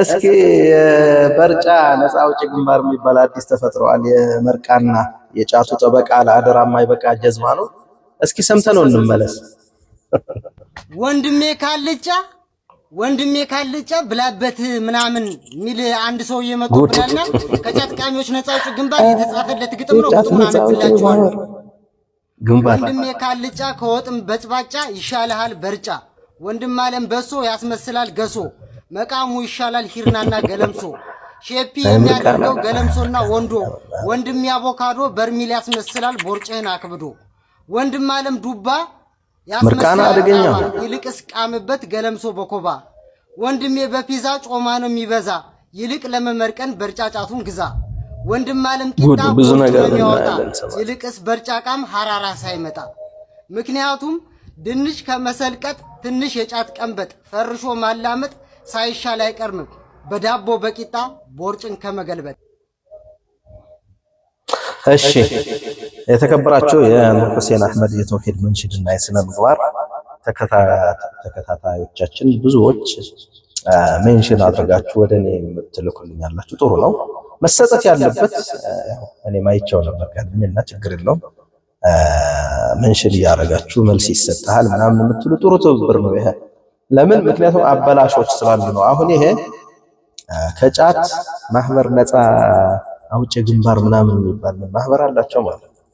እስኪ በርጫ ነፃ አውጪ ግንባር የሚባል አዲስ ተፈጥሯል። የመርቃና የጫቱ ጠበቃ ለአደራ የማይበቃ ጀዝማ ነው። እስኪ ሰምተነው እንመለስ። ወንድሜ ካልጫ ወንድሜ ካልጫ ብላበት ምናምን የሚል አንድ ሰው እየመጡ ብላልና ከጫት ቃሚዎች ነፃ አውጪ ግንባር የተጻፈለት ግጥም ነው። ግጥሙን ግንባር ወንድሜ ካልጫ ከወጥም በጭባጫ ይሻልሃል በርጫ ወንድም አለም በሶ ያስመስላል ገሶ መቃሙ ይሻላል ሂርናና ገለምሶ ሼፒ የሚያደርገው ገለምሶና ወንዶ ወንድም ያቦካዶ በርሚል ያስመስላል ቦርጭህን አክብዶ ወንድም አለም ዱባ ያስመስላል ይልቅስ ቃምበት ገለምሶ በኮባ ወንድሜ በፒዛ ጮማ ነው የሚበዛ ይልቅ ለመመርቀን በርጫጫቱን ግዛ ወንድም አለም ቂጣ ብዙ ነገር የሚያወጣ ይልቅስ በርጫቃም ሐራራ ሳይመጣ ምክንያቱም ድንች ከመሰልቀጥ ትንሽ የጫት ቀንበጥ ፈርሾ ማላመጥ ሳይሻል አይቀርምም። በዳቦ በቂጣ ቦርጭን ከመገልበጥ። እሺ የተከበራችሁ የኑር ሁሴን አህመድ የተውሂድ መንሽድና የስነ ምግባር ተከታታዮቻችን ብዙዎች ሜንሽን አድርጋችሁ ወደ እኔ የምትልኩልኝ ያላችሁ ጥሩ ነው። መሰጠት ያለበት እኔ ማይቻው ነበር ቀድሜ እና ችግር የለውም መንሽን እያደረጋችሁ መልስ ይሰጥሃል ምናምን የምትሉ ጥሩ ትብብር ነው ይሄ። ለምን? ምክንያቱም አበላሾች ስላሉ ነው። አሁን ይሄ ከጫት ማህበር ነፃ አውጭ ግንባር ምናምን የሚባል ማህበር አላቸው ማለት ነው።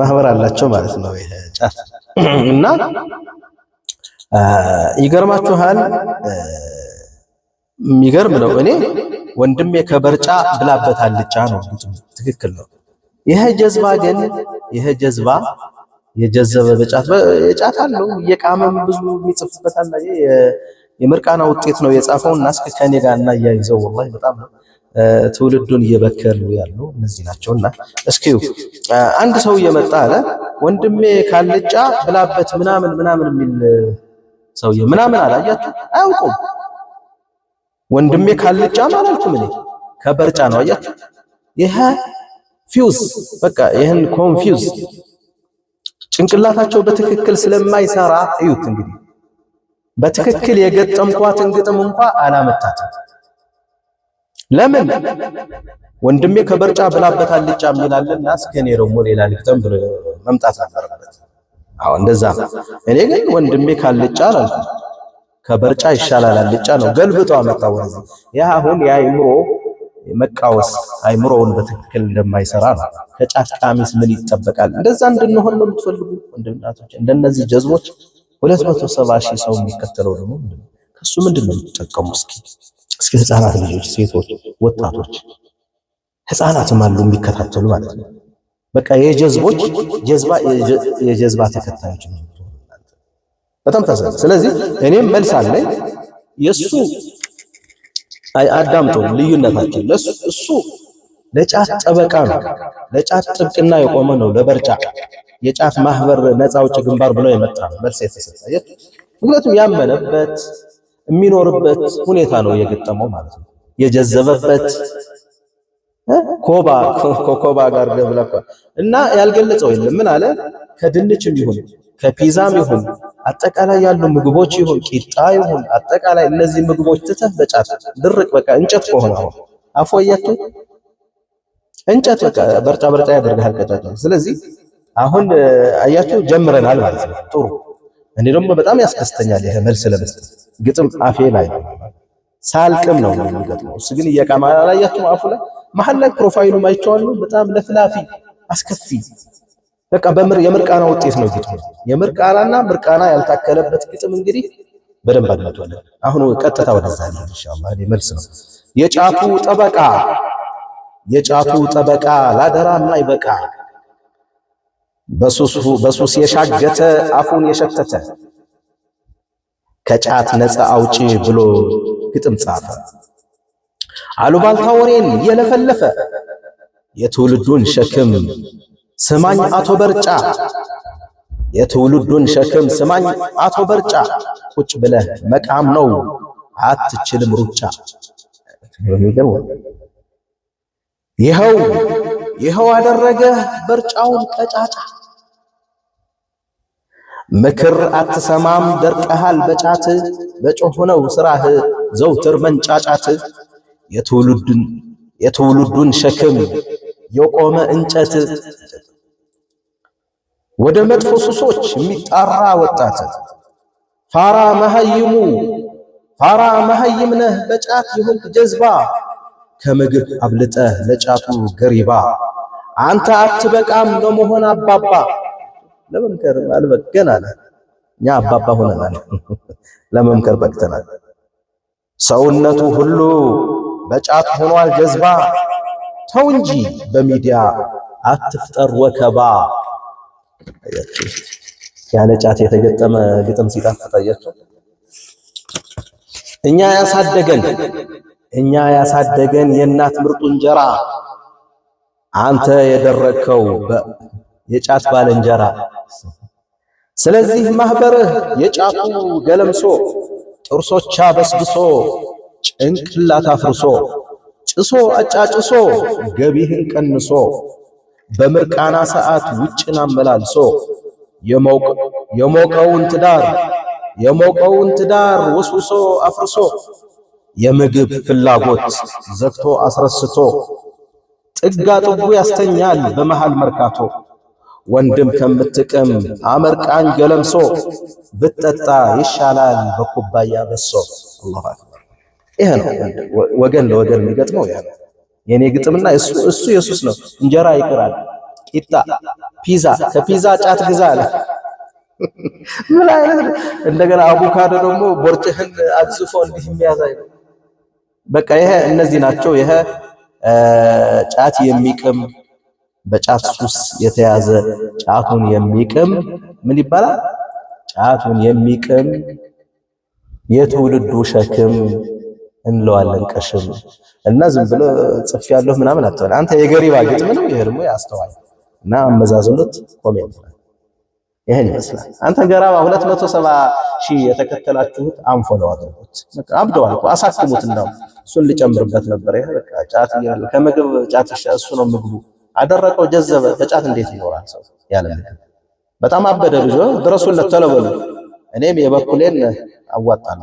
ማህበር አላቸው ማለት ነው ይሄ ጫት እና ይገርማችኋል። የሚገርም ነው። እኔ ወንድሜ ከበርጫ ብላበት አልጫ ነው ትክክል ነው ይሄ ጀዝባ ግን ይሄ ጀዝባ የጀዘበ በጫት በጫት አለው እየቃመም ብዙ ይጽፍበታል። የምርቃና ውጤት ነው የጻፈውና እስከ ከኔ ጋር እና ያይዘው ወላሂ በጣም ነው ትውልዱን እየበከሉ ያሉ እነዚህ ናቸውና፣ እስኪ አንድ ሰው እየመጣ አለ ወንድሜ ካልጫ ብላበት ምናምን ምናምን የሚል ሰውዬ ምናምን አላያችሁ አያውቁም። ወንድሜ ካልጫ ማለት ምን ከበርጫ ነው አያችሁ ይሄ ፊውዝ በቃ ይህን ኮንፊውዝ ጭንቅላታቸው በትክክል ስለማይሰራ እዩት። እንግዲህ በትክክል የገጠምኳትን ግጥም እንኳ አላመጣትም። ለምን ወንድሜ ከበርጫ ብላበት አልጫ የሚላልና እስከኔ ደግሞ ሌላ ልግጠም ብሎ መምጣት አፈረበት። አዎ እንደዛ ነው። እኔ ግን ወንድሜ ካልጫ አላልኩም። ከበርጫ ይሻላል አልጫ ነው። ገልብጦ አመጣው። ያ አሁን ያ መቃወስ አይምሮውን በትክክል እንደማይሰራ ነው። ከጫት ምን ይጠበቃል? እንደዛ እንድንሆን ነው የምትፈልጉ ወንድምናቶች። እንደነዚህ ጀዝቦች ሁለት መቶ ሰባ ሺህ ሰው የሚከተለው ደግሞ ከሱ ምንድን ነው የምትጠቀሙ? እስኪ እስኪ ህፃናት ልጆች፣ ሴቶች፣ ወጣቶች ህፃናትም አሉ የሚከታተሉ ማለት ነው። በቃ የጀዝቦች የጀዝባ ተከታዮች በጣም ታሰ ስለዚህ እኔም መልስ አለኝ የእሱ አዳምጡ ልዩነታችን። እሱ ለጫት ጠበቃ ነው፣ ለጫት ጥብቅና የቆመ ነው። ለበርጫ የጫት ማህበር ነፃ አውጪ ግንባር ብሎ የመጣ መልስ የተሰጠየት ምክንያቱም ያመነበት የሚኖርበት ሁኔታ ነው የገጠመው ማለት ነው። የጀዘበበት ኮባ ኮኮባ ጋር ገብለኳል እና ያልገለጸው የለም። ምን አለ ከድንችም ይሁን ከፒዛም ይሁን አጠቃላይ ያሉ ምግቦች ይሁን ቂጣ ይሁን አጠቃላይ እነዚህ ምግቦች ትተህ በጫት ድርቅ በቃ እንጨት ከሆነ አሁን አፎየቱ እንጨት በቃ በርጫ በርጫ ያደርጋል ከጫት። ስለዚህ አሁን አያችሁ ጀምረናል ማለት ነው። ጥሩ እኔ ደግሞ በጣም ያስደስተኛል ይሄ መልስ ለመስጠት ግጥም አፌ ላይ ሳልቅም ነው የሚገጥመው። እሱ ግን እየቃማ አላያችሁም አፉ ላይ መሀል ላይ ፕሮፋይሉ አይቼዋለሁ። በጣም ለፍላፊ አስከፊ በቃ የምርቃና ውጤት ነው ግጥሙ። የምርቃናና ምርቃና ያልታከለበት ግጥም እንግዲህ በደንብ አድመቷል። አሁን ቀጥታ ወደዛ ነው ኢንሻአላህ መልስ ነው። የጫቱ ጠበቃ የጫቱ ጠበቃ ላደራ ማይበቃ በሱስ የሻገተ አፉን የሸተተ ከጫት ነፃ አውጪ ብሎ ግጥም ጻፈ። አሉባልታ ወሬን የለፈለፈ የትውልዱን ሸክም ስማኝ አቶ በርጫ የትውልዱን ሸክም ስማኝ አቶ በርጫ ቁጭ ብለህ መቃም ነው አትችልም ሩጫ። ይኸው ይኸው አደረገ በርጫውን ቀጫጫ ምክር አትሰማም ደርቀሃል በጫት በጮህ ነው ስራህ ዘውትር መንጫጫት የትውልዱን የትውልዱን ሸክም የቆመ እንጨት ወደ መጥፎ ሱሶች የሚጣራ ወጣት ፋራ መሐይሙ ፋራ መሀይም ነህ በጫት ይሁን ጀዝባ ከምግብ አብልጠህ ለጫቱ ገሪባ አንተ አትበቃም ለመሆን አባባ ለመምከር አልበገናል። እኛ አባባ ሆነናል፣ ለመምከር በቅተናል። ሰውነቱ ሁሉ በጫት ሆኗል ጀዝባ። ተው እንጂ በሚዲያ አትፍጠር ወከባ ያለ ጫት የተገጠመ ግጥም ሲጣፍጥ አያችሁ። እኛ ያሳደገን እኛ ያሳደገን የእናት ምርጡ እንጀራ አንተ የደረከው የጫት ባለንጀራ። ስለዚህ ማህበርህ የጫቱ ገለምሶ ጥርሶቻ በስብሶ ጭንቅላት አፍርሶ ጭሶ አጫጭሶ ገቢህን ቀንሶ በምርቃና ሰዓት ውጭን አመላልሶ የሞቀውን ትዳር የሞቀውን ትዳር ወስውሶ አፍርሶ የምግብ ፍላጎት ዘግቶ አስረስቶ ጥጋ ጥጉ ያስተኛል በመሃል መርካቶ ወንድም ከምትቅም አመርቃኝ ገለምሶ ብትጠጣ ይሻላል በኩባያ በሶ። አላሁ አክበር። ይሄ ነው ወገን ለወገን የሚገጥመው። የኔ ግጥምና እሱ የሱስ ነው። እንጀራ ይቅራል፣ ቂጣ፣ ፒዛ ከፒዛ ጫት ግዛ አለ። ምን አይነት እንደገና አቮካዶ ደግሞ ቦርጭህን አጽፎ እንዲህ የሚያዛይ በቃ ይሄ እነዚህ ናቸው። ይሄ ጫት የሚቅም በጫት ሱስ የተያዘ ጫቱን የሚቅም ምን ይባላል? ጫቱን የሚቅም የትውልዱ ሸክም እንለዋለን ቅሽም እና ዝም ብሎ ጽፍ ያለሁ ምናምን አትበል አንተ የገሪባ ግጥም ነው። ይሄ ደግሞ ያስተዋል እና አመዛዝኑት ኮሜንት ይሄን ይመስላል። አንተ ገራባ 270 ሺህ የተከተላችሁት አንፎሎ አድርጉት። በቃ አብደዋል እኮ አሳክሙት። እንደው እሱን ልጨምርበት ነበር። ይሄ በቃ ጫት ይላል ከምግብ ጫት እሱ ነው ምግቡ። አደረቀው ጀዘበ። በጫት እንዴት ይኖራል ሰው ያለ ምግብ? በጣም አበደ ልጆ ድረሱለት ተለበሉ። እኔም የበኩሌን አዋጣና